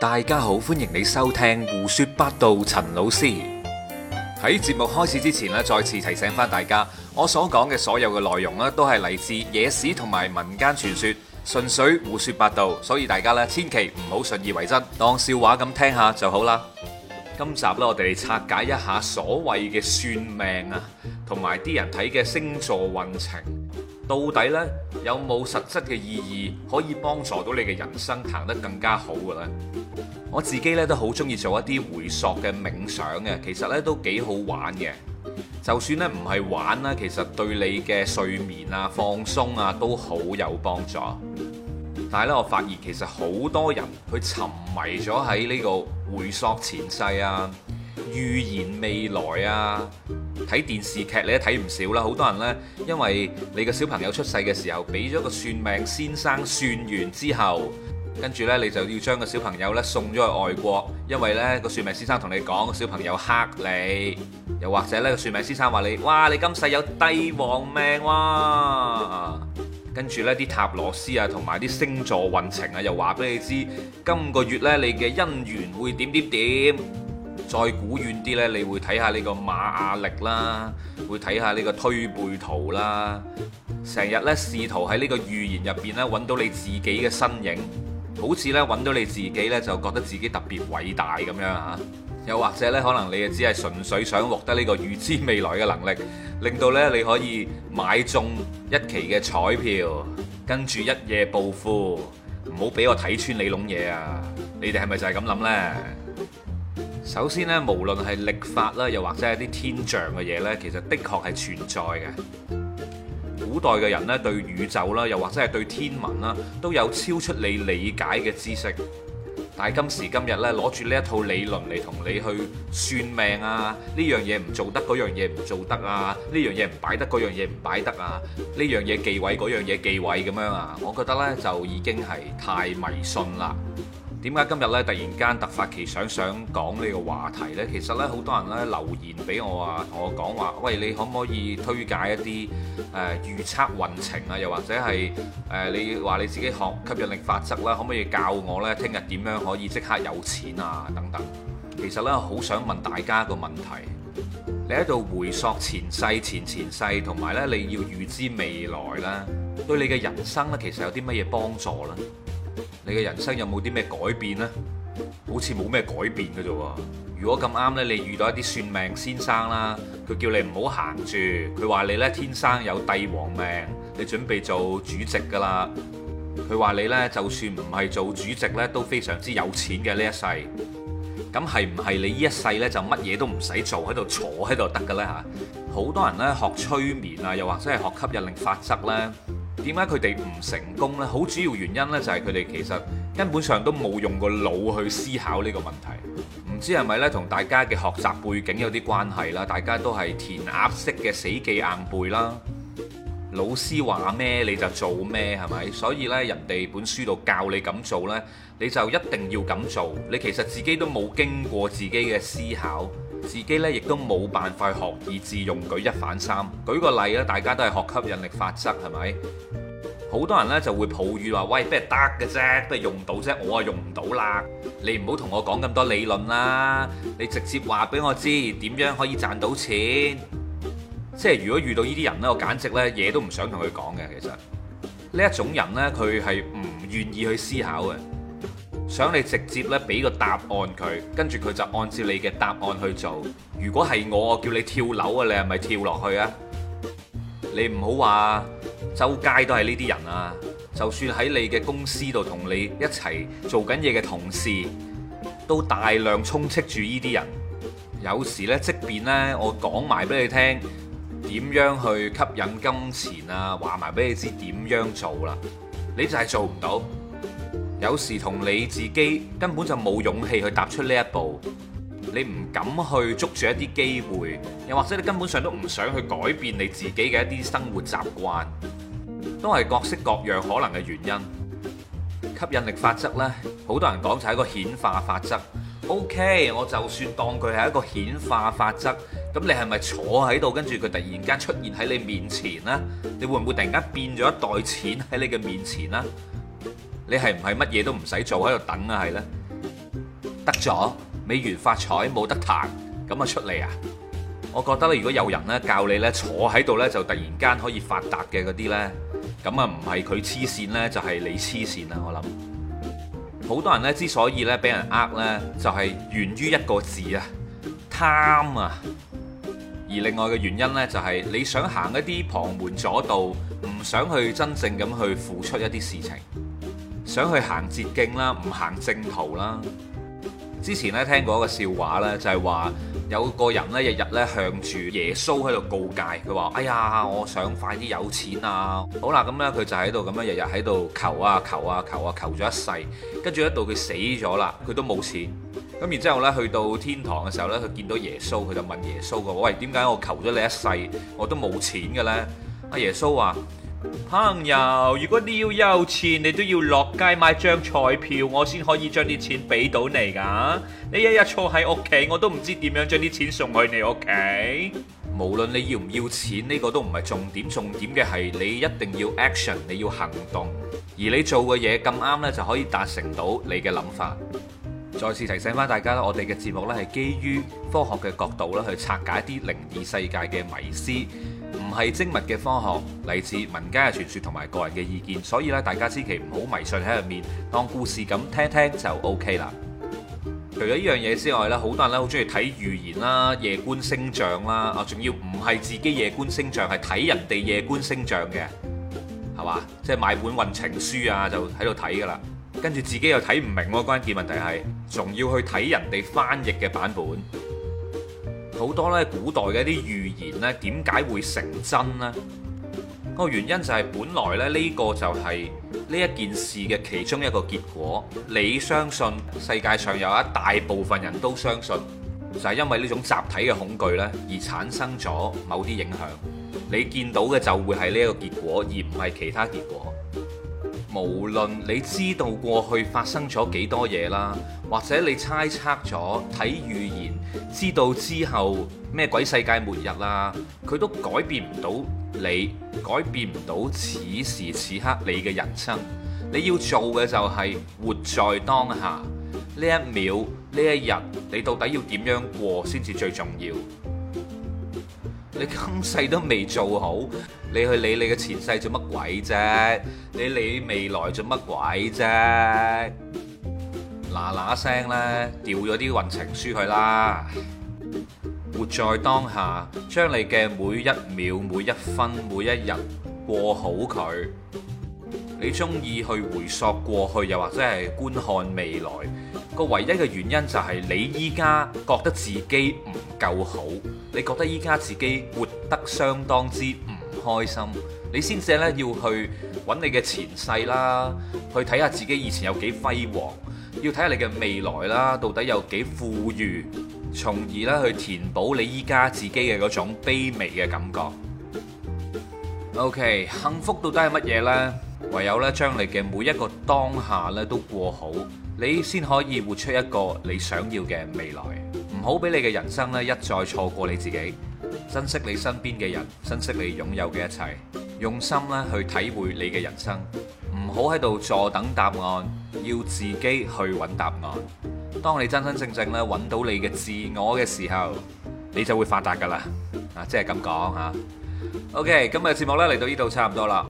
大家好，歡迎你收聽胡說八道。陳老師喺節目開始之前咧，再次提醒翻大家，我所講嘅所有嘅內容咧，都係嚟自野史同埋民間傳說，純粹胡說八道，所以大家咧千祈唔好信以為真，當笑話咁聽下就好啦。今集咧，我哋嚟拆解一下所謂嘅算命啊，同埋啲人睇嘅星座運程。到底咧有冇實質嘅意義，可以幫助到你嘅人生行得更加好嘅咧？我自己咧都好中意做一啲回溯嘅冥想嘅，其實咧都幾好玩嘅。就算咧唔係玩啦，其實對你嘅睡眠啊、放鬆啊都好有幫助。但係咧，我發現其實好多人佢沉迷咗喺呢個回溯前世啊、預言未來啊。睇電視劇你都睇唔少啦，好多人呢，因為你個小朋友出世嘅時候俾咗個算命先生算完之後，跟住呢，你就要將個小朋友呢送咗去外國，因為呢個算命先生同你講小朋友克你，又或者呢個算命先生話你，哇你今世有帝王命喎，啊，跟住呢啲塔羅師啊同埋啲星座運程啊又話俾你知，今個月呢，你嘅姻緣會點點點。再古遠啲呢你會睇下呢個瑪雅曆啦，會睇下呢個推背圖啦，成日呢，試圖喺呢個預言入邊咧揾到你自己嘅身影，好似咧揾到你自己呢，就覺得自己特別偉大咁樣吓，又或者呢，可能你只係純粹想獲得呢個預知未來嘅能力，令到呢你可以買中一期嘅彩票，跟住一夜暴富，唔好俾我睇穿你諗嘢啊！你哋係咪就係咁諗呢？首先咧，無論係曆法啦，又或者係啲天象嘅嘢咧，其實的確係存在嘅。古代嘅人咧，對宇宙啦，又或者係對天文啦，都有超出你理解嘅知識。但係今時今日咧，攞住呢一套理論嚟同你去算命啊，呢樣嘢唔做得，嗰樣嘢唔做得啊，呢樣嘢唔擺得，嗰樣嘢唔擺得啊，呢樣嘢忌位，嗰樣嘢忌位咁樣啊，我覺得呢就已經係太迷信啦。點解今日咧突然間突發奇想想講呢個話題咧？其實咧好多人咧留言俾我啊，同我講話，喂，你可唔可以推介一啲誒預測運程啊？又或者係誒、呃、你話你自己學吸引力法則啦，可唔可以教我呢？聽日點樣可以即刻有錢啊？等等。其實呢，好想問大家一個問題：你喺度回溯前世、前前世，同埋咧你要預知未來咧，對你嘅人生呢，其實有啲乜嘢幫助呢？你嘅人生有冇啲咩改變呢？好似冇咩改變㗎啫。如果咁啱呢，你遇到一啲算命先生啦，佢叫你唔好行住，佢話你呢，天生有帝王命，你準備做主席噶啦。佢話你呢就算唔係做主席呢都非常之有錢嘅呢一世。咁係唔係你呢一世呢就乜嘢都唔使做，喺度坐喺度得㗎咧嚇？好多人呢學催眠啊，又或者係學吸引力法則呢。點解佢哋唔成功呢？好主要原因呢，就係佢哋其實根本上都冇用個腦去思考呢個問題。唔知係咪呢？同大家嘅學習背景有啲關係啦。大家都係填鴨式嘅死記硬背啦。老師話咩你就做咩，係咪？所以呢，人哋本書度教你咁做呢，你就一定要咁做。你其實自己都冇經過自己嘅思考。自己呢亦都冇辦法學以致用，舉一反三。舉個例啦，大家都係學吸引力法則，係咪？好多人呢就會抱怨話：喂，都係得嘅啫，都係用唔到啫，我啊用唔到啦。你唔好同我講咁多理論啦，你直接話俾我知點樣可以賺到錢。即係如果遇到呢啲人呢，我簡直呢嘢都唔想同佢講嘅。其實呢一種人呢，佢係唔願意去思考嘅。想你直接咧俾個答案佢，跟住佢就按照你嘅答案去做。如果係我，我叫你跳樓啊，你係咪跳落去啊？你唔好話周街都係呢啲人啊！就算喺你嘅公司度同你一齊做緊嘢嘅同事，都大量充斥住呢啲人。有時呢，即便呢，我講埋俾你聽點樣去吸引金錢啊，話埋俾你知點樣做啦，你就係做唔到。有時同你自己根本就冇勇氣去踏出呢一步，你唔敢去捉住一啲機會，又或者你根本上都唔想去改變你自己嘅一啲生活習慣，都係各式各樣可能嘅原因。吸引力法則呢，好多人講就係一個顯化法則。OK，我就算當佢係一個顯化法則，咁你係咪坐喺度，跟住佢突然間出現喺你面前呢？你會唔會突然間變咗一袋錢喺你嘅面前呢？你係唔係乜嘢都唔使做喺度等啊？係呢，得咗美元發財冇得彈咁啊出嚟啊！我覺得咧，如果有人咧教你咧坐喺度呢，就突然間可以發達嘅嗰啲呢，咁啊唔係佢黐線呢，就係你黐線啦。我諗好多人呢，之所以呢俾人呃呢，就係源於一個字啊，貪啊。而另外嘅原因呢，就係你想行一啲旁門左道，唔想去真正咁去付出一啲事情。想去行捷徑啦，唔行正途啦。之前咧聽過一個笑話咧，就係話有個人咧日日咧向住耶穌喺度告戒，佢話：哎呀，我想快啲有錢啊！好啦，咁咧佢就喺度咁樣日日喺度求啊求啊求啊求咗一世，跟住一到佢死咗啦，佢都冇錢。咁然之後咧去到天堂嘅時候咧，佢見到耶穌，佢就問耶穌：個我喂點解我求咗你一世我都冇錢嘅咧？阿耶穌話。朋友，如果你要有錢，你都要落街買張彩票，我先可以將啲錢俾到你噶。你一日坐喺屋企，我都唔知點樣將啲錢送去你屋企。無論你要唔要錢，呢個都唔係重點，重點嘅係你一定要 action，你要行動，而你做嘅嘢咁啱呢，就可以達成到你嘅諗法。再次提醒翻大家，我哋嘅節目呢，係基於科學嘅角度啦，去拆解啲靈異世界嘅迷思。唔係精密嘅科學，嚟自民間嘅傳說同埋個人嘅意見，所以咧大家千祈唔好迷信喺入面，當故事咁聽聽就 OK 啦。除咗呢樣嘢之外咧，好多人咧好中意睇預言啦、夜觀星象啦，啊，仲要唔係自己夜觀星象，係睇人哋夜觀星象嘅，係嘛？即係買本運程書啊，就喺度睇噶啦，跟住自己又睇唔明、啊，關鍵問題係，仲要去睇人哋翻譯嘅版本。好多呢古代嘅一啲預言呢，點解會成真呢？個原因就係本來呢呢個就係呢一件事嘅其中一個結果。你相信世界上有一大部分人都相信，就係因為呢種集體嘅恐懼呢而產生咗某啲影響。你見到嘅就會係呢一個結果，而唔係其他結果。無論你知道過去發生咗幾多嘢啦，或者你猜測咗睇預言，知道之後咩鬼世界末日啦，佢都改變唔到你，改變唔到此時此刻你嘅人生。你要做嘅就係活在當下，呢一秒、呢一日，你到底要點樣過先至最重要？你今世都未做好，你去理你嘅前世做乜鬼啫？你理你未來做乜鬼啫？嗱嗱聲咧，掉咗啲運程書去啦！活在當下，將你嘅每一秒、每一分、每一日過好佢。你中意去回溯過去，又或者係觀看未來。個唯一嘅原因就係你依家覺得自己唔夠好，你覺得依家自己活得相當之唔開心，你先至咧要去揾你嘅前世啦，去睇下自己以前有幾輝煌，要睇下你嘅未來啦，到底有幾富裕，從而咧去填補你依家自己嘅嗰種卑微嘅感覺。OK，幸福到底係乜嘢呢？唯有咧將你嘅每一個當下咧都過好。你先可以活出一個你想要嘅未來，唔好俾你嘅人生呢，一再錯過你自己，珍惜你身邊嘅人，珍惜你擁有嘅一切，用心咧去體會你嘅人生，唔好喺度坐等答案，要自己去揾答案。當你真真正正揾到你嘅自我嘅時候，你就會發達噶啦，啊，即係咁講吓。OK，今日節目呢，嚟到呢度差唔多啦。